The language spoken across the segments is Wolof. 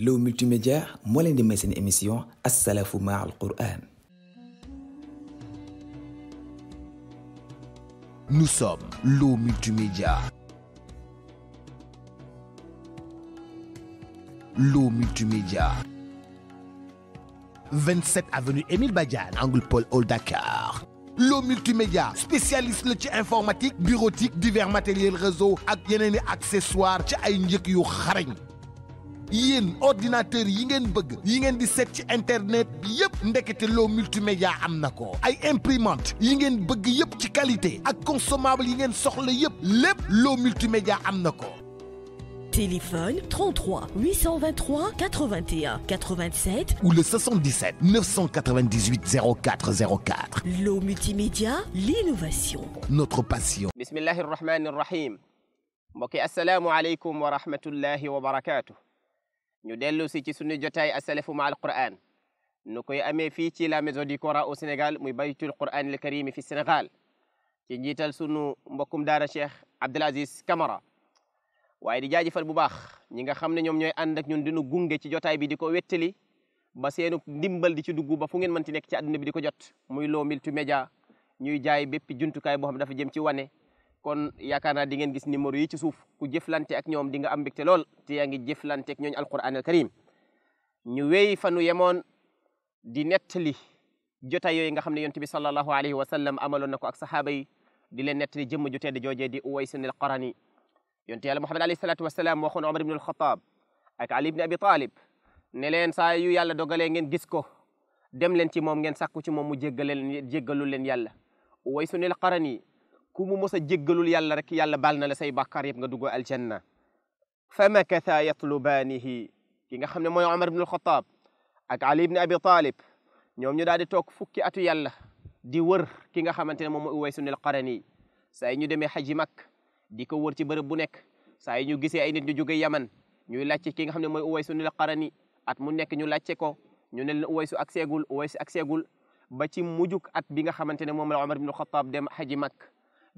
L'eau multimédia moo leen di may émission assalafou ma al Qur'an. Nous sommes l'eau multimédia. L'eau multimédia. 27 avenue Émile Badiane angle Paul Hall Dakar. L'eau multimédia spécialiste la ci informatique bureautique divers matériel réseau ak yeneen i accessoires ci ay njëkk yu xarañ. yéen ordinateur yi ngeen bëgg yi ngeen di seet ci internet bi yëpp ndekete loo multimédia am na ko ay imprimante yi ngeen bëgg yëpp ci qualité ak consommable yi ngeen soxla yëpp lépp loo multimédia am na ko téléphone 33 823 81 87 ou le 77 998 04 04 L'eau multimédia, l'innovation. Notre passion. Bismillahir Rahmanir Rahim. mbokki asalaamu aleykum wa rahmatullahi wa barakaatu. ñu dello si ci suñu jotaay a asalafu ma alquran nu koy amee fii ci la maison du Coran au Sénégal muy baytul quran al karim fi Sénégal ci njiital sunu mbokkum daara Cheikh Abdoul Aziz Camara waaye di jaajëfal bu baax ñi nga xam ne ñoom ñooy ànd ak ñun dinu gunge ci jotaay bi di ko wettali ba seenu ndimbal di ci dugg ba fu ngeen mënti nekk ci aduna bi di ko jot muy loo multimédia ñuy jaay bépp jumtukaay boo xam dafa jëm ci wane kon yaakaar naa di ngeen gis numéro yi ci suuf ku jëflante ak ñoom di nga am mbégte lool te yaa ngi jëflante ak ñooñ alquran al karim ñu wey fanu yemoon di nettali jotaay yooyu nga xam ne yonent bi sallallahu alayhi wa sallam amaloon na ko ak sahaaba yi di leen nettali jëmm ju tedd joojee di Uways al Qarani yonent yàlla Muhammad alayhi salaatu wa salaam waxoon Omar ibn al-Khattab ak Ali ibn Abi Talib ne leen saa yu yàlla dogalee ngeen gis ko dem leen ci moom ngeen sàkku ci moom mu jéggaleen jéggalu leen yàlla Uways al ku mu mos a jéggalul yàlla rek yàlla baal na la say bàkkaar yëpp nga duggoo aljanna fa makatha yatlubaanihi ki nga xam ne mooy omar ibn alxataab ak ali ibn abi talib ñoom ñu daal di toog fukki atu yàlla di wër ki nga xamante ne moom mooy Uways ibn al-Qarani saa yi ñu demee xaji mag di ko wër ci bërëb bu nekk saa yi ñu gisee ay nit ñu jóge yaman ñuy laajte ki nga xam ne mooy Uways ibn al-Qarani at mu nekk ñu laajte ko ñu ne leen Uways ak seegul Uways ak seegul ba ci mujjug at bi nga xamante ne moom la Omar ibn al-Khattab dem xaji mag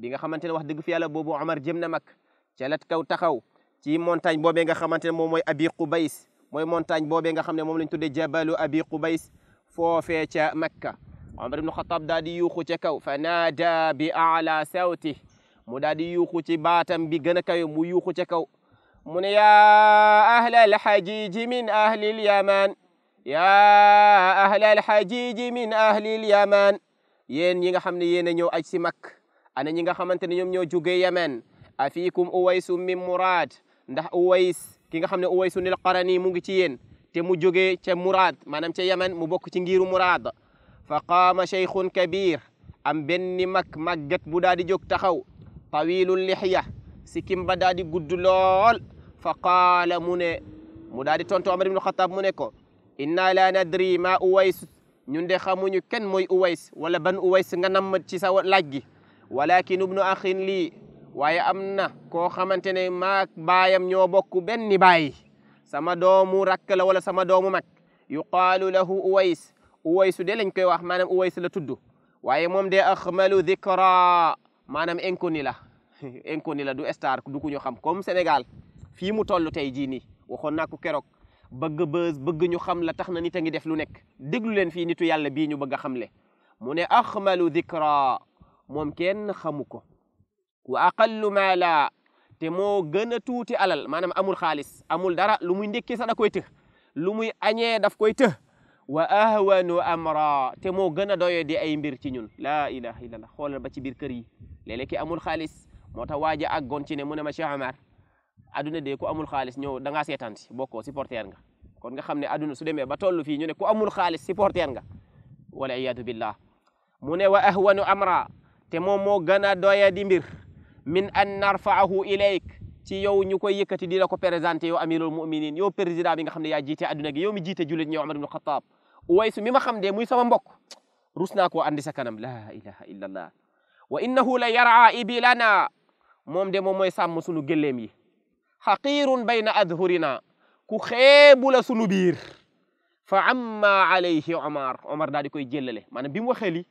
bi nga xamante ne wax dëgg fi yàlla boobu Omar jëm na mag ca kaw taxaw ci montagne boobee nga xamante ne moom mooy Abi Qubays mooy montagne boobee nga xam ne moom lañ tuddee jabalu Abi Qubays foofee ca Makka Omar ibnu Xataab daal di yuuxu ca kaw fa naada bi ala sawti mu daal di yuuxu ci baatam bi gën a kawe mu yuuxu ca kaw mu ne yaa ahla alxajiji min min ahli lyaman yéen yi nga xam ne yéen a ñëw aj si Makka ana ñi nga xamante ne ñoom ñoo jugee yemen afiikum uwaysu min muraad ndax uways ki nga xam ne uwaysu nil qarani mu ngi ci yéen te mu jógee ca muraad maanaam ca yemen mu bokk ci ngiiru muraad fa qaama cheikhun kabir am benn mag màggat bu daal di jóg taxaw tawilul lixya si kimba daal di gudd lool fa qaala mu ne mu daal di tontu Omar ibnu Xataab mu ne ko inna la nadri ma uways ñun de xamuñu kenn moy uways wala ban uways nga namm ci sawa laaj gi walakin ibnu axin lii waaye am na koo xamante ne maag baayam ñoo bokk benn baay sama doomu rakk la wala sama doomu mag yuqaalu lahu uways uwaysu de lañ koy wax maanaam uways la tudd waaye moom de axmalu dikra maanaam inconnu la inconnu la du star du ku ñu xam comme Sénégal fii mu toll tey jii nii waxoon naa ko keroog bëgg bës bëgg ñu xam la tax na nit a ngi def lu nekk déglu leen fii nitu yàlla bii ñu bëgg a xamle mu ne dikra moom kenn xamu ko wa aqallu maala te moo gën a tuuti alal maanaam amul xaalis amul dara lu muy ndékkee sax da koy të lu muy añee daf koy të wa ahwanu amra te moo gën a doyo di ay mbir ci ñun laa ilaha illallah xoolal ba ci biir kër yi léeg amul xaalis moo tax waaja àggoon ci mu ne ma Cheikh Amar aduna de ko amul xaalis ñëw da ngaa seetaan si bokkoo supporter nga kon nga xam ne aduna su demee ba toll fii ñu ne ku amul xaalis supporter nga wala iyadu billah mu wa ahwanu amra te moom moo gën a doya di mbir min an narfaahu ilayk ci yow ñu koy yëkkati di la ko présenté yow amirul muminin yow président bi nga xam ne yaa jiite adduna gi yow mi jiite jullit ñi yow Omar ibn Khattab uwaysu mi ma xam de muy sama mbokk rus naa koo andi sa kanam la ilaha illa allah wa innahu la yara ibilana moom de moom mooy sàmm sunu gëlleem yi xaqirun bayna adhurina ku xeebu la sunu biir fa amma alayhi omar omar daal di koy jëllale maanaam bi mu waxee li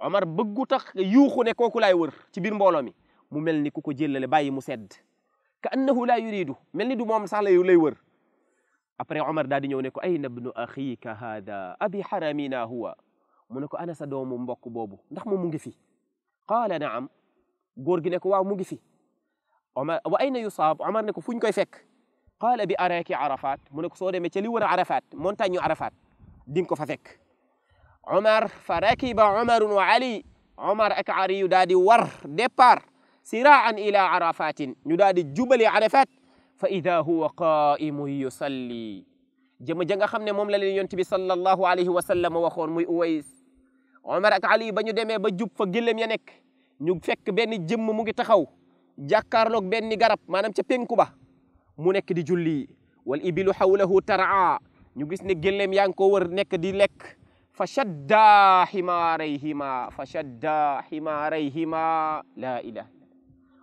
Omar bëggu tax yuuxu ne kooku laay wër ci biir mbooloo mi mu mel ni ku ko jëllale bàyyi mu sedd ka annahu laa yuridu mel ni du moom sax la yow lay wër après Omar daal di ñëw ne ko ayna bnu axiika haada abi haramina huwa mu ne ko ana sa doomu mbokk boobu ndax moom mu ngi fi qaala naam góor gi ne ko waaw mu ngi fi Omar wa ayna yusaab Omar ne ko fu ñu koy fekk qaala bi araaki arafat mu ne ko soo demee ca li wër a arafat montagne yu arafat di nga ko fa fekk Omar fa rakiba Omarun wa Ali Omar ak Aliyu daal di war départ siraan ila arafatin ñu daal di jubali arafat fa ida huwa qaimun yusalli jëma ja nga xam ne moom la leen yonent bi sallallahu alayhi wa sallam waxoon muy Uways Omar ak Ali ba ñu demee ba jub fa gëlëm ya nekk ñu fekk benn jëmm mu ngi taxaw jàkkaarloog benn garab maanaam ca penku ba mu nekk di julli wal ibilu hawlahu taraa ñu gis ne gëlëm yaa ngi ko wër nekk di lekk fa shadda himaarayhima fa shadda himaarayhima laa ilaha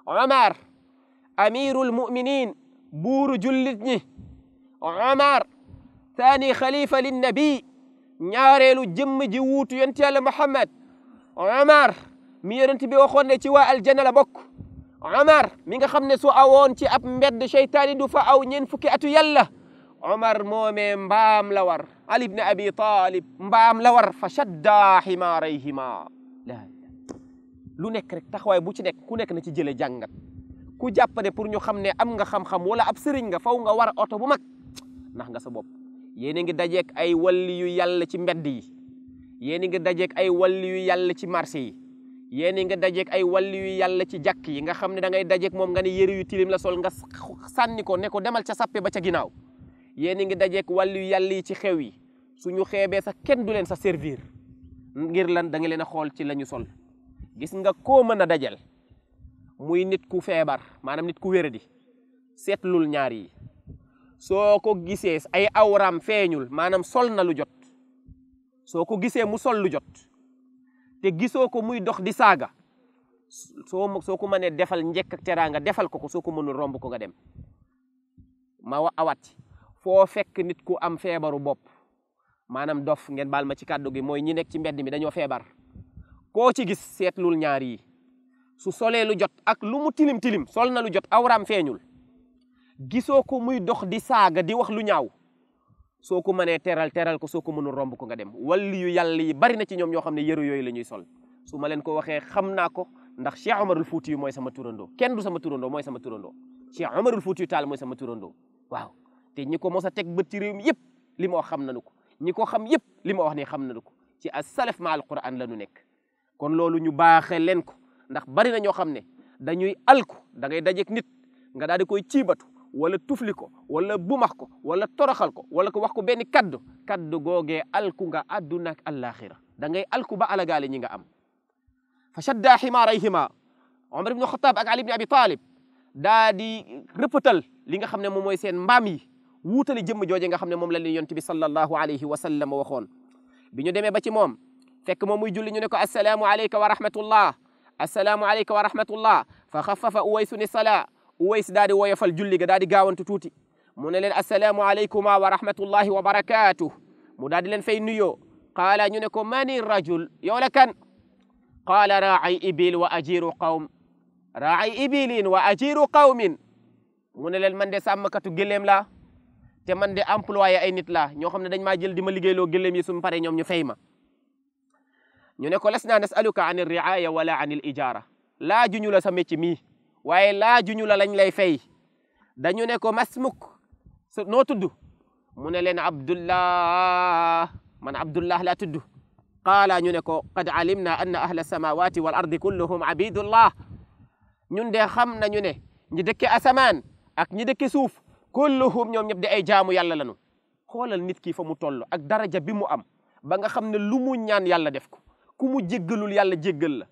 omar amirul muminin buuru jullit ñi omar taani xalifa linnabi ñaareelu jëmm ji wuutu yonent yàlla muhammad omar mi yonent bi waxoon ci waa aljanna bokk omar mi nga xam ne su awoon ci ab mbedd cheytaani du aw ñeen fukki atu yàlla omar moomee mbaam la ali ibn abi talib mbaam la war fa shadda ximaarayhima lu nekk rek taxawaay bu ci nekk ku nekk na ci jële jàngat ku jàppane pour ñu xam ne am nga xam-xam wala ab sëriñ nga faw nga war a oto bu mag ndax nga sa bopp yéen a ngi dajeeg ay walli yu yàlla ci mbedd yi yéen a ngi dajeeg ay walli yu yàlla ci marché yi yéen a ngi dajeeg ay walli yu yàlla ci jàkk yi nga xam ne da ngay moom nga ne yëri yu tilim la sol nga sànni ko ne ko demal ca sappe ba ca ginnaaw yéen a ngi dajeeg walli yàlla yi ci xew yi su ñu xeebee sax kenn du leen sa servir ngir lan da nga leen a xool ci lañu ñu sol gis nga koo mën a dajal muy nit ku feebar maanaam nit ku wéradi seetlul ñaar yi soo ko gisee ay awraam feeñul maanaam sol na lu jot soo ko gisee mu sol lu jot te gisoo ko muy dox di saaga soo soo ko mënee defal njëkk teraanga defal ko ko soo ko mënul romb ko nga dem ma wa awat foo fekk nit ku am feebaru bopp maanaam dof ngeen baal ma ci kàddu gi mooy ñi nekk ci mbedd mi dañoo feebar koo ci gis seetlul ñaar yi su solee lu jot ak lu mu tilim tilim sol na lu jot awraam feeñul gisoo ko muy dox di saaga di wax lu ñaaw soo ko mënee teral teral ko soo ko mënul romb ko nga dem wali yu yàlla yi bari na ci ñoom ñoo xam ne yëru yooyu la ñuy sol su ma leen ko waxee xam naa ko ndax Cheikh Omarul Fuuti yu mooy sama turandoo kenn du sama turandoo mooy sama turandoo Cheikh Omarul Fuuti yu taal mooy sama turandoo waaw te ñi ko mos a teg bët ci mi yëpp li ma wax xam nañu ko ñi ko xam yëpp li ma wax ne xam nañu ko ci as salaf ma alquran la ñu nekk kon loolu ñu baaxee leen ko ndax bari na ñoo xam ne dañuy alku da ngay dajeeg nit nga daal di koy ciibatu wala tufli ko wala bumax ko wala toroxal ko wala ko wax ko benn kaddu kaddu googee alku nga àdduna ak àllaaxira da ngay alku ba alagaale ñi nga am fa shadda ximaarayhima omar ibnu xataab ak ali ibni abi talib daa di rëppatal li nga xam ne moom mooy seen mbaam yi wuutale jëmm jooje nga xam ne moom la leen yonent bi sallallahu alayhi wa sallam waxoon bi ñu demee ba ci moom fekk moom muy julli ñu ne ko assalaamu alayka wa rahmatullah assalaamu alayka wa rahmatullah fa xafafa uwaysu ni sala uways daal di woyofal julli ga daal di gaawantu tuuti mu ne leen assalaamu alaykuma wa rahmatullahi wa barakatuh mu daal di leen fay nuyoo qaala ñu ne ko mani rajul yow la kan qaala raay ibil wa ajiru qawm raay ibilin wa ajiru qawmin mu ne leen man de sàmmkatu gëléem la te man de employé ay nit laa ñoo xam ne dañ maa jël di ma liggéeyloo gëléem yi suñu pare ñoom ñu fay ma ñu ne ko las naa nasaluka an riaya wala an il ijara laa juñu la sa métier mii waaye laa juñu la lañ lay fay dañu ne ko masmuk noo tudd mu ne leen abdullah man abdullah laa tudd qaala ñu ne ko qad alimna anna ahla samawati wal ardi kulluhum abidullah ñun de xam nañu ne ñi dëkke asamaan ak ñi dëkke suuf kulluhum ñoom ñëpp de ay jaamu yàlla lanu xoolal nit ki fa mu toll ak daraja bi mu am ba nga xam ne lu mu ñaan yàlla def ko ku mu jéggalul yàlla jéggal la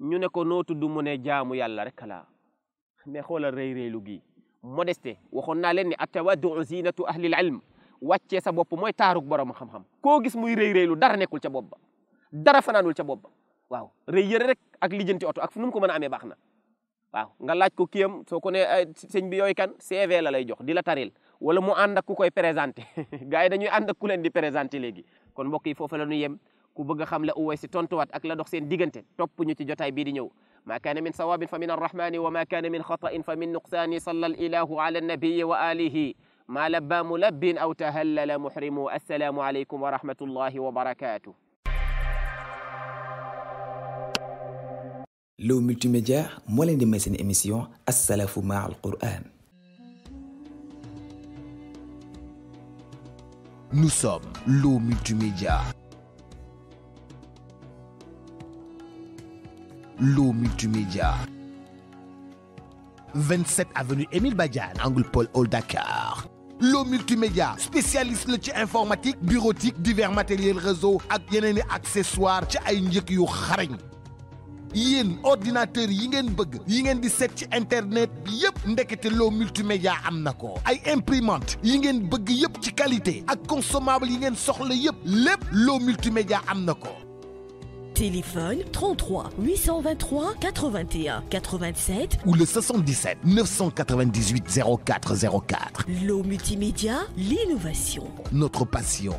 ñu ne ko noo du mu jaamu yàlla rek laa mais xoolal rëy rëylu gii modeste waxoon naa leen ni atawaddu zinatu ahlil ilm wàccee sa bopp mooy taarug borom xam-xam koo gis muy rëy rëylu dara nekkul ca bopp ba dara fanaanul ca bopp waaw rëy yëre rek ak lijanti oto ak fu nu mu ko mën a amee baax na waaw nga laaj ko kiyam soo ko ne sëñ bi kan CV la lay jox di la taril wala mu ànd ak ku koy présenté gars yi dañuy ànd ak ku leen di présenté léegi kon mbokk yi foofu la ñu yem ku bëgg xam la uway si tontuwaat ak la dox seen diggante topp ñu ci jotaay bii di ñëw ma kaana min sawabin fa min arrahmani wa ma kaana min xatain fa min nuqsaani salla al ilahu ala annabiyi ma labba mulabbin aw tahallala muhrimu assalaamu wa rahmatullahi L'eau multimédia moo leen di may émission assalafou ma al Qur'an. Nous sommes l'eau multimédia. L'eau multimédia. 27 avenue Émile Badiane angle Paul Hall Dakar. L'eau multimédia spécialiste la ci informatique bureautique divers matériel réseau ak yeneen i ci ay njëkk yu xarañ. yéen ordinateur yi ngeen bëgg yi ngeen di seet ci internet bi yëpp ndekete loo multimédia am na ko ay imprimante yi ngeen bëgg yëpp ci qualité ak consommable yi ngeen soxla yëpp lépp loo multimédia am na ko téléphone 33 823 81 87 ou le 77 998 04 04 L'eau multimédia, l'innovation, notre passion.